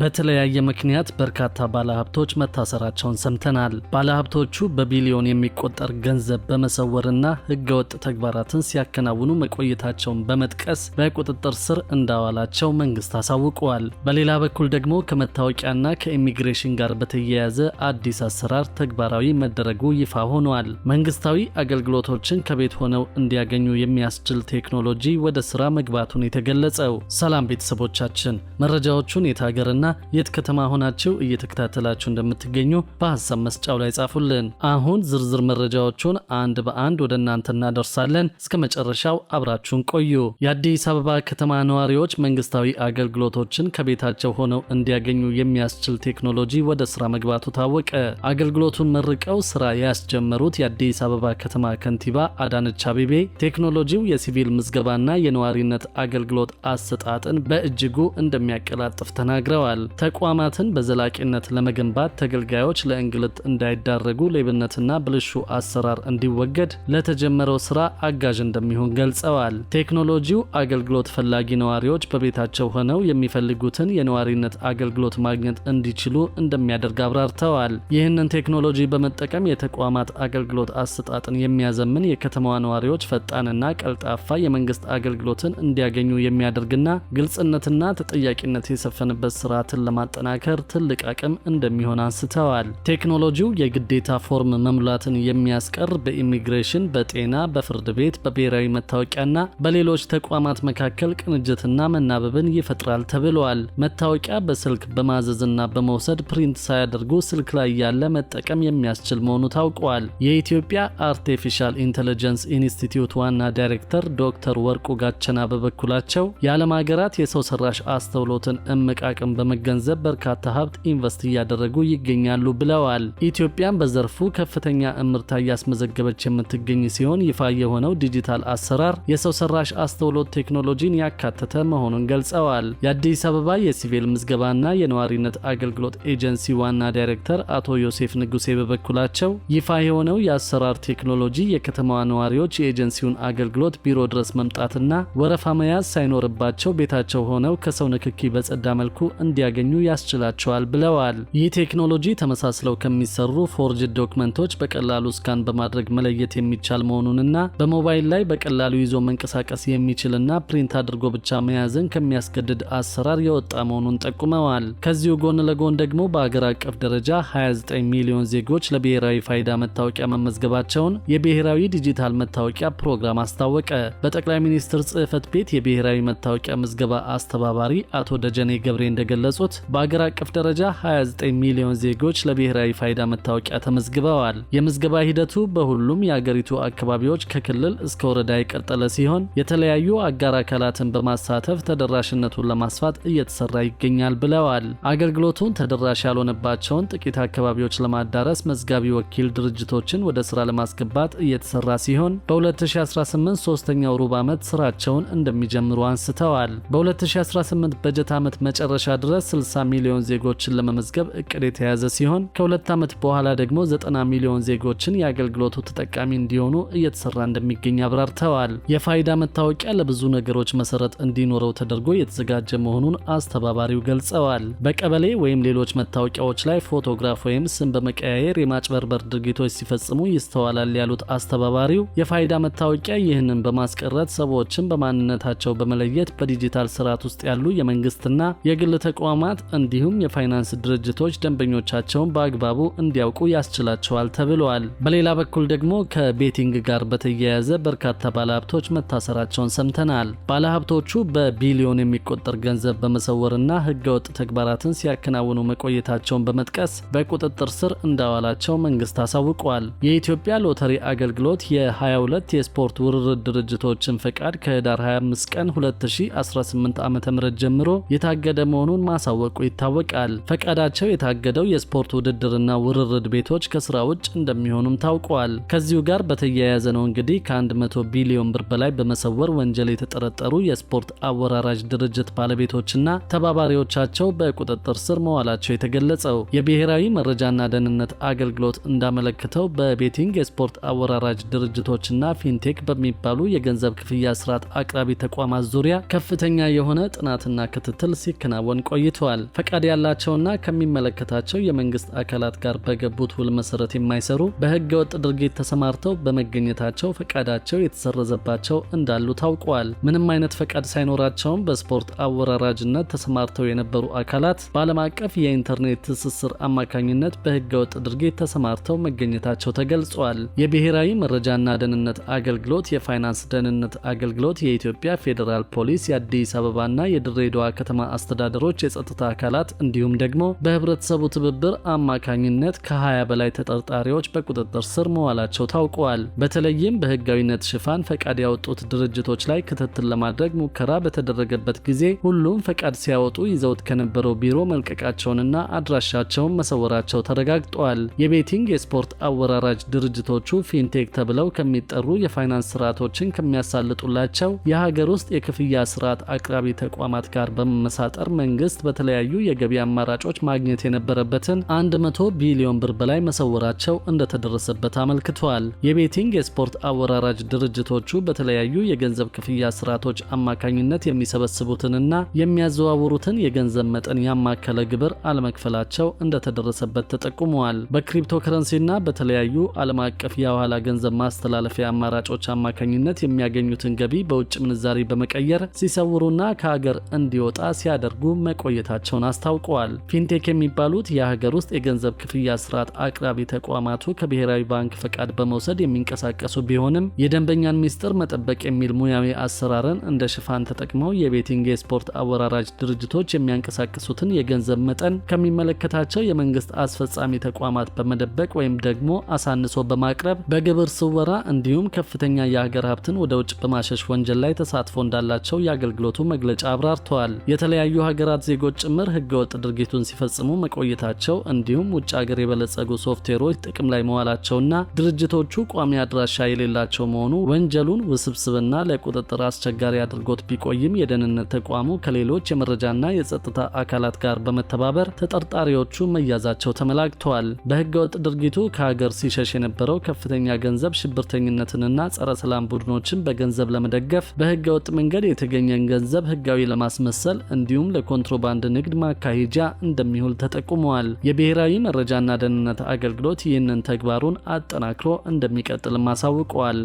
በተለያየ ምክንያት በርካታ ባለሀብቶች መታሰራቸውን ሰምተናል። ባለሀብቶቹ በቢሊዮን የሚቆጠር ገንዘብ በመሰወርና ህገወጥ ተግባራትን ሲያከናውኑ መቆየታቸውን በመጥቀስ በቁጥጥር ስር እንዳዋላቸው መንግስት አሳውቀዋል። በሌላ በኩል ደግሞ ከመታወቂያና ከኢሚግሬሽን ጋር በተያያዘ አዲስ አሰራር ተግባራዊ መደረጉ ይፋ ሆኗል። መንግስታዊ አገልግሎቶችን ከቤት ሆነው እንዲያገኙ የሚያስችል ቴክኖሎጂ ወደ ስራ መግባቱን የተገለጸው። ሰላም ቤተሰቦቻችን መረጃዎቹን የታገርና እና የት ከተማ ሆናችሁ እየተከታተላችሁ እንደምትገኙ በሀሳብ መስጫው ላይ ጻፉልን። አሁን ዝርዝር መረጃዎቹን አንድ በአንድ ወደ እናንተ እናደርሳለን። እስከ መጨረሻው አብራችሁን ቆዩ። የአዲስ አበባ ከተማ ነዋሪዎች መንግስታዊ አገልግሎቶችን ከቤታቸው ሆነው እንዲያገኙ የሚያስችል ቴክኖሎጂ ወደ ስራ መግባቱ ታወቀ። አገልግሎቱን መርቀው ስራ ያስጀመሩት የአዲስ አበባ ከተማ ከንቲባ አዳነች አቤቤ ቴክኖሎጂው የሲቪል ምዝገባና የነዋሪነት አገልግሎት አሰጣጥን በእጅጉ እንደሚያቀላጥፍ ተናግረዋል። ተገልጿል። ተቋማትን በዘላቂነት ለመገንባት ተገልጋዮች ለእንግልት እንዳይዳረጉ፣ ሌብነትና ብልሹ አሰራር እንዲወገድ ለተጀመረው ስራ አጋዥ እንደሚሆን ገልጸዋል። ቴክኖሎጂው አገልግሎት ፈላጊ ነዋሪዎች በቤታቸው ሆነው የሚፈልጉትን የነዋሪነት አገልግሎት ማግኘት እንዲችሉ እንደሚያደርግ አብራርተዋል። ይህንን ቴክኖሎጂ በመጠቀም የተቋማት አገልግሎት አሰጣጥን የሚያዘምን የከተማዋ ነዋሪዎች ፈጣንና ቀልጣፋ የመንግስት አገልግሎትን እንዲያገኙ የሚያደርግና ግልጽነትና ተጠያቂነት የሰፈነበት ስራ ስርዓትን ለማጠናከር ትልቅ አቅም እንደሚሆን አንስተዋል። ቴክኖሎጂው የግዴታ ፎርም መሙላትን የሚያስቀር በኢሚግሬሽን፣ በጤና፣ በፍርድ ቤት፣ በብሔራዊ መታወቂያና በሌሎች ተቋማት መካከል ቅንጅትና መናበብን ይፈጥራል ተብሏል። መታወቂያ በስልክ በማዘዝና በመውሰድ ፕሪንት ሳያደርጉ ስልክ ላይ ያለ መጠቀም የሚያስችል መሆኑ ታውቋል። የኢትዮጵያ አርቲፊሻል ኢንቴሊጀንስ ኢንስቲትዩት ዋና ዳይሬክተር ዶክተር ወርቁ ጋቸና በበኩላቸው የዓለም ሀገራት የሰው ሰራሽ አስተውሎትን እምቅ አቅም በመ በመገንዘብ በርካታ ሀብት ኢንቨስት እያደረጉ ይገኛሉ ብለዋል። ኢትዮጵያን በዘርፉ ከፍተኛ እምርታ እያስመዘገበች የምትገኝ ሲሆን ይፋ የሆነው ዲጂታል አሰራር፣ የሰው ሰራሽ አስተውሎት ቴክኖሎጂን ያካተተ መሆኑን ገልጸዋል። የአዲስ አበባ የሲቪል ምዝገባና የነዋሪነት አገልግሎት ኤጀንሲ ዋና ዳይሬክተር አቶ ዮሴፍ ንጉሴ በበኩላቸው ይፋ የሆነው የአሰራር ቴክኖሎጂ የከተማዋ ነዋሪዎች የኤጀንሲውን አገልግሎት ቢሮ ድረስ መምጣትና ወረፋ መያዝ ሳይኖርባቸው ቤታቸው ሆነው ከሰው ንክኪ በጸዳ መልኩ እንዲ እንዲያገኙ ያስችላቸዋል ብለዋል። ይህ ቴክኖሎጂ ተመሳስለው ከሚሰሩ ፎርጅድ ዶክመንቶች በቀላሉ ስካን በማድረግ መለየት የሚቻል መሆኑንና በሞባይል ላይ በቀላሉ ይዞ መንቀሳቀስ የሚችልና ፕሪንት አድርጎ ብቻ መያዝን ከሚያስገድድ አሰራር የወጣ መሆኑን ጠቁመዋል። ከዚሁ ጎን ለጎን ደግሞ በአገር አቀፍ ደረጃ 29 ሚሊዮን ዜጎች ለብሔራዊ ፋይዳ መታወቂያ መመዝገባቸውን የብሔራዊ ዲጂታል መታወቂያ ፕሮግራም አስታወቀ። በጠቅላይ ሚኒስትር ጽህፈት ቤት የብሔራዊ መታወቂያ ምዝገባ አስተባባሪ አቶ ደጀኔ ገብሬ እንደገለ እንደገለጹት በአገር አቀፍ ደረጃ 29 ሚሊዮን ዜጎች ለብሔራዊ ፋይዳ መታወቂያ ተመዝግበዋል። የምዝገባ ሂደቱ በሁሉም የአገሪቱ አካባቢዎች ከክልል እስከ ወረዳ የቀጠለ ሲሆን የተለያዩ አጋር አካላትን በማሳተፍ ተደራሽነቱን ለማስፋት እየተሰራ ይገኛል ብለዋል። አገልግሎቱን ተደራሽ ያልሆነባቸውን ጥቂት አካባቢዎች ለማዳረስ መዝጋቢ ወኪል ድርጅቶችን ወደ ስራ ለማስገባት እየተሰራ ሲሆን በ2018 ሶስተኛው ሩብ ዓመት ስራቸውን እንደሚጀምሩ አንስተዋል። በ2018 በጀት ዓመት መጨረሻ ድረስ ድረስ 60 ሚሊዮን ዜጎችን ለመመዝገብ እቅድ የተያዘ ሲሆን ከሁለት ዓመት በኋላ ደግሞ 90 ሚሊዮን ዜጎችን የአገልግሎቱ ተጠቃሚ እንዲሆኑ እየተሰራ እንደሚገኝ አብራርተዋል። የፋይዳ መታወቂያ ለብዙ ነገሮች መሰረት እንዲኖረው ተደርጎ የተዘጋጀ መሆኑን አስተባባሪው ገልጸዋል። በቀበሌ ወይም ሌሎች መታወቂያዎች ላይ ፎቶግራፍ ወይም ስም በመቀያየር የማጭበርበር ድርጊቶች ሲፈጽሙ ይስተዋላል ያሉት አስተባባሪው የፋይዳ መታወቂያ ይህንን በማስቀረት ሰዎችን በማንነታቸው በመለየት በዲጂታል ስርዓት ውስጥ ያሉ የመንግስትና የግል ተቆ ተቋማት እንዲሁም የፋይናንስ ድርጅቶች ደንበኞቻቸውን በአግባቡ እንዲያውቁ ያስችላቸዋል ተብለዋል። በሌላ በኩል ደግሞ ከቤቲንግ ጋር በተያያዘ በርካታ ባለሀብቶች መታሰራቸውን ሰምተናል። ባለሀብቶቹ በቢሊዮን የሚቆጠር ገንዘብ በመሰወርና ህገወጥ ተግባራትን ሲያከናውኑ መቆየታቸውን በመጥቀስ በቁጥጥር ስር እንዳዋላቸው መንግስት አሳውቋል። የኢትዮጵያ ሎተሪ አገልግሎት የ22 የስፖርት ውርርድ ድርጅቶችን ፈቃድ ከህዳር 25 ቀን 2018 ዓ ም ጀምሮ የታገደ መሆኑን ማሳወቁ ይታወቃል። ፈቃዳቸው የታገደው የስፖርት ውድድርና ውርርድ ቤቶች ከስራ ውጭ እንደሚሆኑም ታውቋል። ከዚሁ ጋር በተያያዘ ነው እንግዲህ ከ100 ቢሊዮን ብር በላይ በመሰወር ወንጀል የተጠረጠሩ የስፖርት አወራራጅ ድርጅት ባለቤቶችና ተባባሪዎቻቸው በቁጥጥር ስር መዋላቸው የተገለጸው። የብሔራዊ መረጃና ደህንነት አገልግሎት እንዳመለክተው በቤቲንግ የስፖርት አወራራጅ ድርጅቶችና ፊንቴክ በሚባሉ የገንዘብ ክፍያ ስርዓት አቅራቢ ተቋማት ዙሪያ ከፍተኛ የሆነ ጥናትና ክትትል ሲከናወን ቆይ ቆይተዋል። ፈቃድ ያላቸውና ከሚመለከታቸው የመንግስት አካላት ጋር በገቡት ውል መሰረት የማይሰሩ በህገወጥ ድርጊት ተሰማርተው በመገኘታቸው ፈቃዳቸው የተሰረዘባቸው እንዳሉ ታውቋል። ምንም አይነት ፈቃድ ሳይኖራቸውም በስፖርት አወራራጅነት ተሰማርተው የነበሩ አካላት በዓለም አቀፍ የኢንተርኔት ትስስር አማካኝነት በህገወጥ ድርጊት ተሰማርተው መገኘታቸው ተገልጿል። የብሔራዊ መረጃና ደህንነት አገልግሎት፣ የፋይናንስ ደህንነት አገልግሎት፣ የኢትዮጵያ ፌዴራል ፖሊስ፣ የአዲስ አበባና የድሬዳዋ ከተማ አስተዳደሮች የጸጥታ አካላት እንዲሁም ደግሞ በህብረተሰቡ ትብብር አማካኝነት ከ20 በላይ ተጠርጣሪዎች በቁጥጥር ስር መዋላቸው ታውቀዋል። በተለይም በህጋዊነት ሽፋን ፈቃድ ያወጡት ድርጅቶች ላይ ክትትል ለማድረግ ሙከራ በተደረገበት ጊዜ ሁሉም ፈቃድ ሲያወጡ ይዘውት ከነበረው ቢሮ መልቀቃቸውንና አድራሻቸውን መሰወራቸው ተረጋግጧል። የቤቲንግ የስፖርት አወራራጅ ድርጅቶቹ ፊንቴክ ተብለው ከሚጠሩ የፋይናንስ ስርዓቶችን ከሚያሳልጡላቸው የሀገር ውስጥ የክፍያ ስርዓት አቅራቢ ተቋማት ጋር በመመሳጠር መንግስት መንግስት በተለያዩ የገቢ አማራጮች ማግኘት የነበረበትን 100 ቢሊዮን ብር በላይ መሰወራቸው እንደተደረሰበት አመልክቷል። የቤቲንግ የስፖርት አወራራጅ ድርጅቶቹ በተለያዩ የገንዘብ ክፍያ ስርዓቶች አማካኝነት የሚሰበስቡትንና የሚያዘዋውሩትን የገንዘብ መጠን ያማከለ ግብር አለመክፈላቸው እንደተደረሰበት ተጠቁመዋል። በክሪፕቶከረንሲና በተለያዩ ዓለም አቀፍ የኋላ ገንዘብ ማስተላለፊያ አማራጮች አማካኝነት የሚያገኙትን ገቢ በውጭ ምንዛሬ በመቀየር ሲሰውሩና ከሀገር እንዲወጣ ሲያደርጉ መቆየ መቆየታቸውን አስታውቀዋል። ፊንቴክ የሚባሉት የሀገር ውስጥ የገንዘብ ክፍያ ስርዓት አቅራቢ ተቋማቱ ከብሔራዊ ባንክ ፈቃድ በመውሰድ የሚንቀሳቀሱ ቢሆንም የደንበኛን ሚስጥር መጠበቅ የሚል ሙያዊ አሰራርን እንደ ሽፋን ተጠቅመው የቤቲንግ የስፖርት አወራራጅ ድርጅቶች የሚያንቀሳቅሱትን የገንዘብ መጠን ከሚመለከታቸው የመንግስት አስፈጻሚ ተቋማት በመደበቅ ወይም ደግሞ አሳንሶ በማቅረብ በግብር ስወራ እንዲሁም ከፍተኛ የሀገር ሀብትን ወደ ውጭ በማሸሽ ወንጀል ላይ ተሳትፎ እንዳላቸው የአገልግሎቱ መግለጫ አብራርተዋል። የተለያዩ ሀገራት ዜጎች ጭምር ህገወጥ ድርጊቱን ሲፈጽሙ መቆየታቸው እንዲሁም ውጭ ሀገር የበለጸጉ ሶፍትዌሮች ጥቅም ላይ መዋላቸውና ድርጅቶቹ ቋሚ አድራሻ የሌላቸው መሆኑ ወንጀሉን ውስብስብና ለቁጥጥር አስቸጋሪ አድርጎት ቢቆይም የደህንነት ተቋሙ ከሌሎች የመረጃና የጸጥታ አካላት ጋር በመተባበር ተጠርጣሪዎቹ መያዛቸው ተመላክተዋል። በህገወጥ ድርጊቱ ከሀገር ሲሸሽ የነበረው ከፍተኛ ገንዘብ ሽብርተኝነትንና ጸረ ሰላም ቡድኖችን በገንዘብ ለመደገፍ በህገወጥ መንገድ የተገኘን ገንዘብ ህጋዊ ለማስመሰል እንዲሁም ለኮንትሮ የኮንትሮባንድ ንግድ ማካሄጃ እንደሚውል ተጠቁመዋል። የብሔራዊ መረጃና ደህንነት አገልግሎት ይህንን ተግባሩን አጠናክሮ እንደሚቀጥልም አሳውቀዋል።